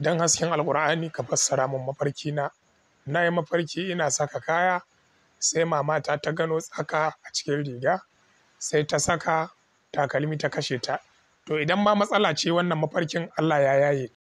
don hasken alkur'ani ka fassara min mafarki na na yi mafarki ina saka kaya sai mamata ta gano tsaka a cikin riga sai ta saka takalmi ta kashe ta to idan ma matsala ce wannan mafarkin allah ya yaye